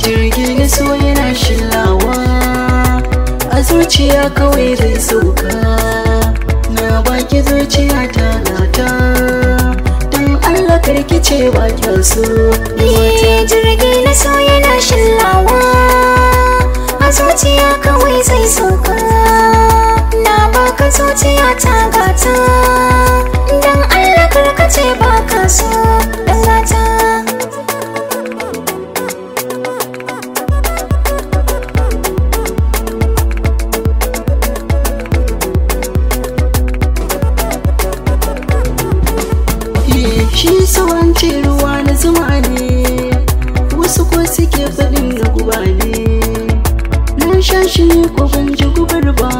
jirgin so yana shillawa a zuciya kawai zai sauka na baki zuciya ta nata don allah karki ce ba kyasu eh, jirgi na so yana shillawa baka zuciya kawai zai sauka na baka zuciya ta gata don Allah karkace baka so dan Shi tsawon ruwa na zuma ne wasu ko suke faɗin na guba ko ban ji gubar ba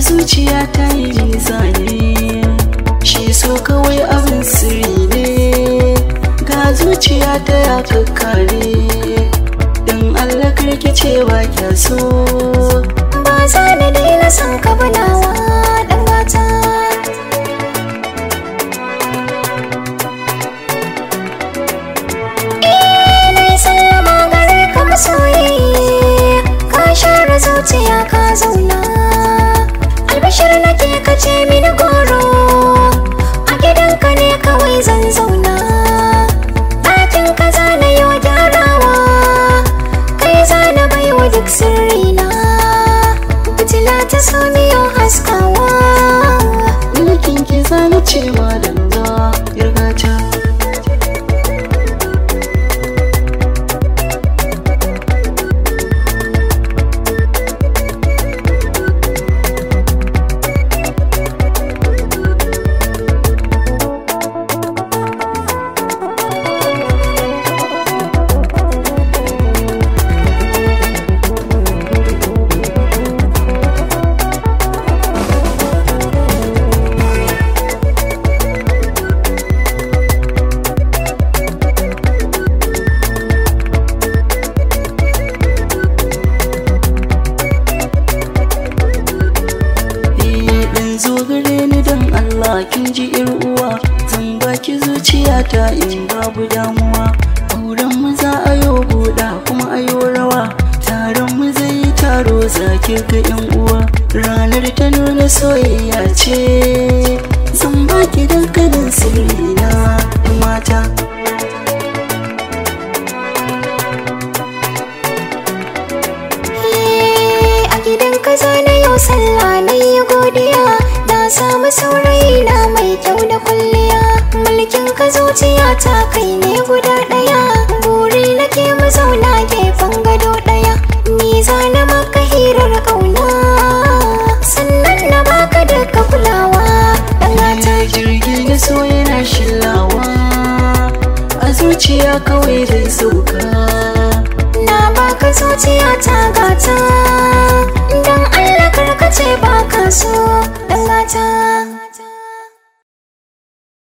zuciya ta yi nizane shi so kawai abin sirri ne ga zuciya ta ya kakkare don allah karki cewa kya so ba daina son ka dan ce mini goro a gidanka ne kawai zan zauna ɗakin ka zana yau gyarawa kai zana baiwa duk sirrina fitila ta so yau haskawa mulkin ki zana cewa da Allah kin ji uwa zan baki zuciyata in babu damuwa auren mu za a yo buɗa kuma a yo rawa taron mu zai yi taro zaki ga yan uwa ranar ta nuna soyayya ce zan baki dankalin sirri na mata eh, gidan kaza na yau sallah a zuciya ta kai ne guda ɗaya buri nake mu zauna gefen gado ɗaya ni za na maka hirar ƙauna sannan na baka duka kulawa ɗangata jirgi na so yana shillawa a zuciya kawai zai sauka na baka zuciya ta gata